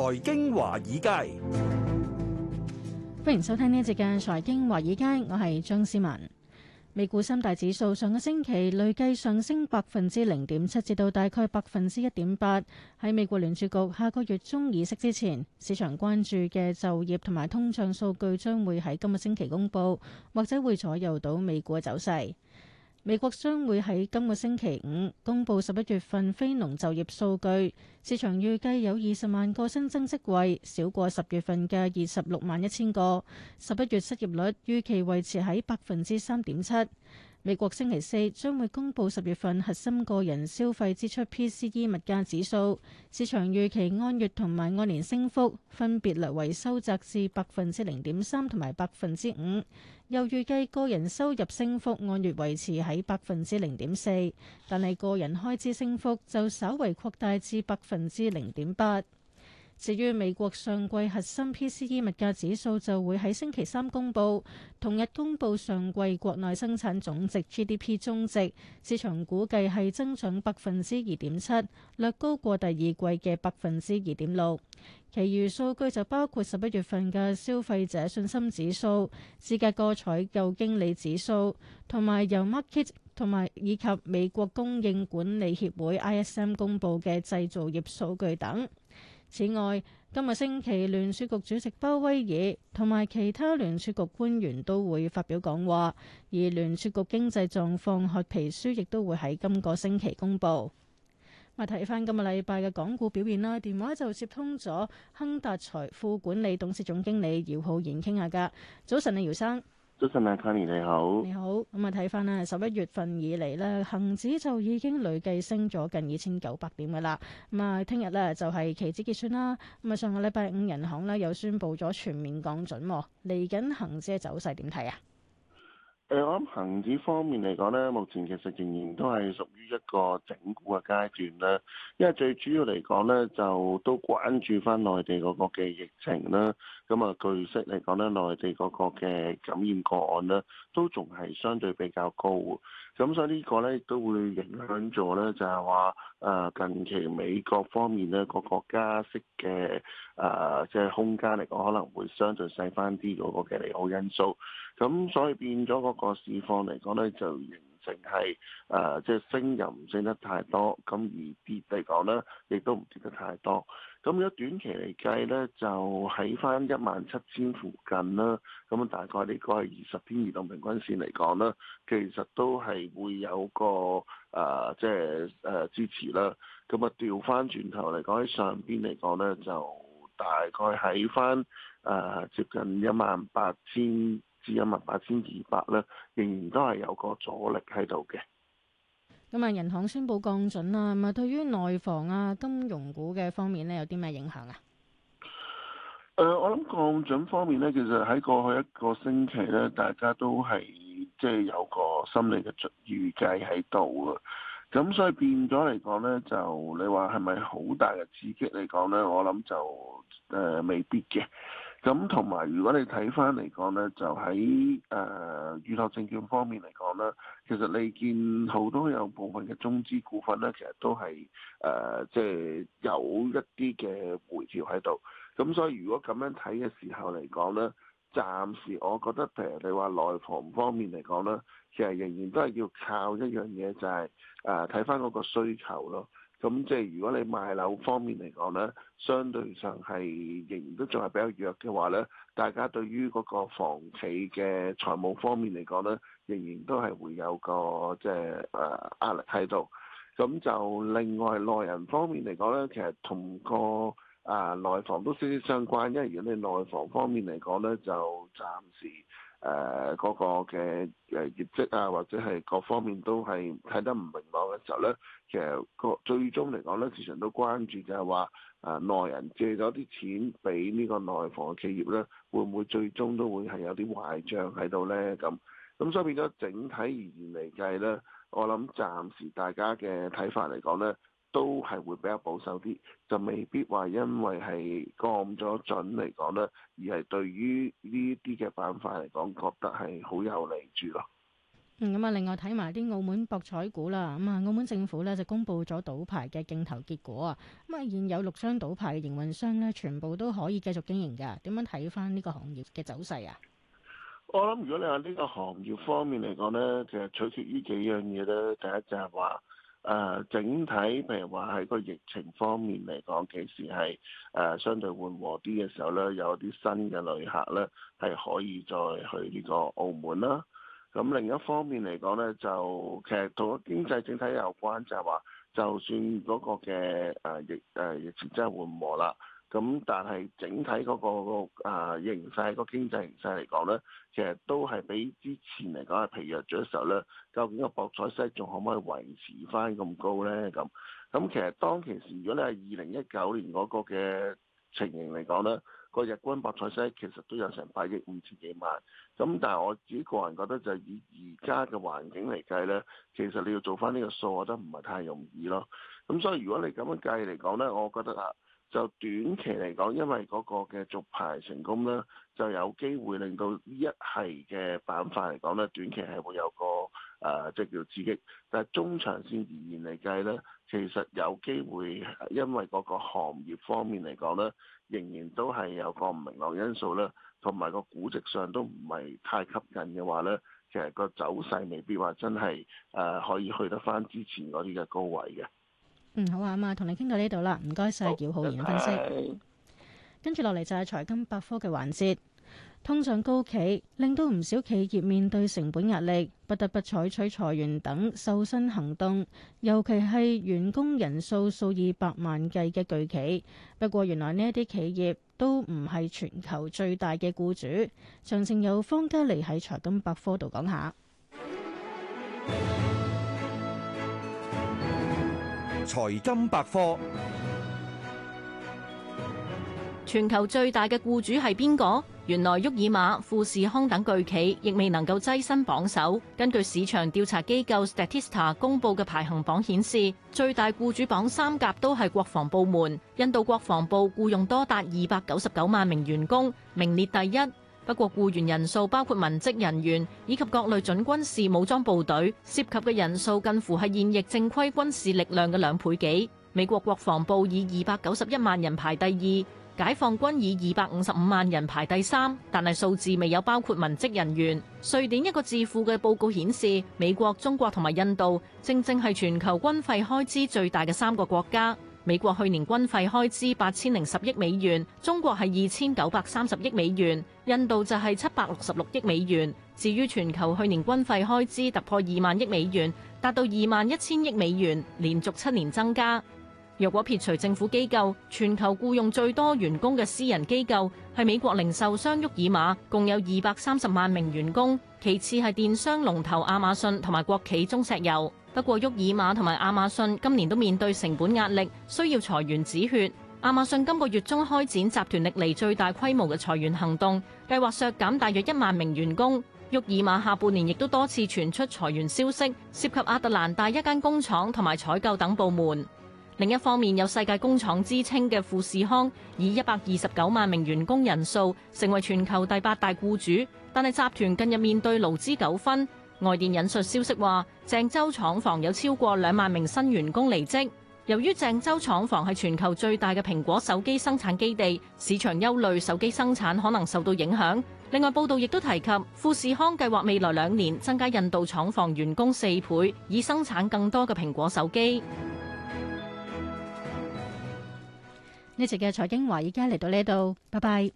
財經華爾街，歡迎收聽呢一節嘅財經華爾街，我係張思文。美股三大指數上個星期累計上升百分之零點七，至到大概百分之一點八。喺美國聯儲局下個月中議息之前，市場關注嘅就業同埋通脹數據將會喺今個星期公布，或者會左右到美股嘅走勢。美國將會喺今個星期五公布十一月份非農就業數據，市場預計有二十萬個新增職位，少過十月份嘅二十六萬一千個。十一月失業率預期維持喺百分之三點七。美國星期四將會公布十月份核心個人消費支出 PCE 物價指數，市場預期按月同埋按年升幅分別略為收窄至百分之零點三同埋百分之五，又預計個人收入升幅按月維持喺百分之零點四，但係個人開支升幅就稍為擴大至百分之零點八。至於美國上季核心 PCE 物價指數就會喺星期三公佈，同日公佈上季國內生產總值 GDP 中值，市場估計係增長百分之二點七，略高過第二季嘅百分之二點六。其餘數據就包括十一月份嘅消費者信心指數、芝加哥採購經理指數，同埋由 Market 同埋以及美國供應管理協會 ISM 公佈嘅製造業數據等。此外，今日星期聯儲局主席鮑威爾同埋其他聯儲局官員都會發表講話，而聯儲局經濟狀況褐皮書亦都會喺今個星期公布。咪睇翻今日禮拜嘅港股表現啦，電話就接通咗亨達財富管理董事總經理姚浩然傾下㗎。早晨啊，姚生。早晨啊，Carrie，你好，你好。咁啊，睇翻呢，十一月份以嚟呢，恒指就已經累計升咗近二千九百點噶啦。咁啊，聽日呢，就係期指結算啦。咁啊，上個禮拜五，銀行呢，又宣佈咗全面降準，嚟緊恒指嘅走勢點睇啊？誒，我諗恒指方面嚟講呢，目前其實仍然都係屬於一個整固嘅階段啦。因為最主要嚟講呢，就都關注翻內地嗰個嘅疫情啦。咁啊，據悉嚟講呢，內地嗰個嘅感染個案呢，都仲係相對比較高。咁所以個呢個咧，都會影響咗咧，就係話誒近期美國方面咧個加息嘅誒即係空間嚟講，可能會相對細翻啲嗰個嘅利好因素。咁所以變咗嗰個市況嚟講咧，就形成係誒即係升又唔升得太多，咁而跌嚟講咧，亦都唔跌得太多。咁如果短期嚟計咧，就喺翻一萬七千附近啦。咁啊，大概呢個係二十天移動平均線嚟講啦，其實都係會有個啊，即係誒支持啦。咁啊，調翻轉頭嚟講喺上邊嚟講咧，就大概喺翻啊，接近一萬八千至一萬八千二百咧，仍然都係有個阻力喺度嘅。咁啊，銀行宣布降準啊，咁啊，對於內房啊、金融股嘅方面咧，有啲咩影響啊？誒、呃，我諗降準方面咧，其實喺過去一個星期咧，大家都係即係有個心理嘅預計喺度啊。咁所以變咗嚟講咧，就你話係咪好大嘅刺激嚟講咧？我諗就誒、呃，未必嘅。咁同埋，如果你睇翻嚟講咧，就喺誒預託證券方面嚟講咧，其實你見好多有部分嘅中資股份咧，其實都係誒，即係有一啲嘅回調喺度。咁所以如果咁樣睇嘅時候嚟講咧，暫時我覺得，譬如你話內房方面嚟講咧，其實仍然都係要靠一樣嘢，就係誒睇翻嗰個需求咯。咁即係如果你賣樓方面嚟講咧，相對上係仍然都仲係比較弱嘅話咧，大家對於嗰個房企嘅財務方面嚟講咧，仍然都係會有個即係誒壓力喺度。咁就另外內人方面嚟講咧，其實同個誒、呃、內房都息息相關，因為如果你內房方面嚟講咧，就暫時。誒嗰、呃、個嘅誒業績啊，或者係各方面都係睇得唔明朗嘅時候咧，其實個最終嚟講咧，市場都關注就係話，誒、呃、內人借咗啲錢俾呢個內房嘅企業咧，會唔會最終都會係有啲壞帳喺度咧？咁咁所以變咗整體而言嚟計咧，我諗暫時大家嘅睇法嚟講咧。都係會比較保守啲，就未必話因為係降咗準嚟講呢，而係對於呢啲嘅板塊嚟講，覺得係好有利住咯。咁啊、嗯，另外睇埋啲澳門博彩股啦，咁、嗯、啊，澳門政府呢就公布咗賭牌嘅競投結果啊。咁、嗯、啊，現有六張賭牌嘅營運商呢，全部都可以繼續經營㗎。點樣睇翻呢個行業嘅走勢啊？我諗如果你話呢個行業方面嚟講呢，其實取決於幾樣嘢呢？第一就係話。誒、呃、整體，譬如話喺個疫情方面嚟講，其實係誒相對緩和啲嘅時候咧，有啲新嘅旅客咧係可以再去呢個澳門啦。咁另一方面嚟講咧，就其實同經濟整體有關，就係話，就算嗰個嘅誒、呃、疫誒、呃、疫情真係緩和啦。咁但係整體嗰、嗰個、嗰個、啊形勢，嗰個經濟形勢嚟講咧，其實都係比之前嚟講係疲弱咗嘅時候咧。究竟個博彩息仲可唔可以維持翻咁高咧？咁咁其實當其時，如果你係二零一九年嗰個嘅情形嚟講咧，嗰個日均博彩息其實都有成百億五千幾萬。咁但係我自己個人覺得就以而家嘅環境嚟計咧，其實你要做翻呢個數，我覺得唔係太容易咯。咁所以如果你咁樣計嚟講咧，我覺得啊～就短期嚟講，因為嗰個嘅續牌成功咧，就有機會令到呢一係嘅板塊嚟講咧，短期係會有個誒即、呃、叫刺激。但係中長線而言嚟計咧，其實有機會，因為嗰個行業方面嚟講咧，仍然都係有個唔明朗因素咧，同埋個估值，上都唔係太吸引嘅話咧，其實個走勢未必話真係誒、呃、可以去得翻之前嗰啲嘅高位嘅。嗯，好啊，咁啊，同你傾到呢度啦，唔該晒，姚浩然嘅分析。哦哎、跟住落嚟就係財金百科嘅環節。通脹高企，令到唔少企業面對成本壓力，不得不採取裁員等瘦身行動。尤其係員工人數數以百萬計嘅巨企。不過，原來呢一啲企業都唔係全球最大嘅雇主。詳情由方嘉利喺財金百科度講下。哎財金百科，全球最大嘅僱主係邊個？原來沃爾瑪、富士康等巨企亦未能夠躋身榜首。根據市場調查機構 Statista 公布嘅排行榜顯示，最大僱主榜三甲都係國防部門。印度國防部僱傭多達二百九十九萬名員工，名列第一。不過，雇員人數包括文職人員以及各類準軍事武裝部隊，涉及嘅人數近乎係現役正規軍事力量嘅兩倍幾。美國國防部以二百九十一萬人排第二，解放軍以二百五十五萬人排第三，但係數字未有包括文職人員。瑞典一個智庫嘅報告顯示，美國、中國同埋印度正正係全球軍費開支最大嘅三個國家。美國去年軍費開支八千零十億美元，中國係二千九百三十億美元，印度就係七百六十六億美元。至於全球去年軍費開支突破二萬億美元，達到二萬一千億美元，連續七年增加。若果撇除政府機構，全球僱用最多員工嘅私人機構係美國零售商沃爾瑪，共有二百三十萬名員工。其次係電商龍頭亞馬遜同埋國企中石油。不過，沃爾瑪同埋亞馬遜今年都面對成本壓力，需要裁員止血。亞馬遜今個月中開展集團歷嚟最大規模嘅裁員行動，計劃削減大約一萬名員工。沃爾瑪下半年亦都多次傳出裁員消息，涉及亞特蘭大一間工廠同埋採購等部門。另一方面，有世界工廠之稱嘅富士康，以一百二十九萬名員工人數，成為全球第八大僱主。但係集團近日面對勞資糾紛。外電引述消息話，鄭州廠房有超過兩萬名新員工離職。由於鄭州廠房係全球最大嘅蘋果手機生產基地，市場憂慮手機生產可能受到影響。另外報道亦都提及，富士康計劃未來兩年增加印度廠房員工四倍，以生產更多嘅蘋果手機。呢集嘅財經華，而家嚟到呢度，拜拜。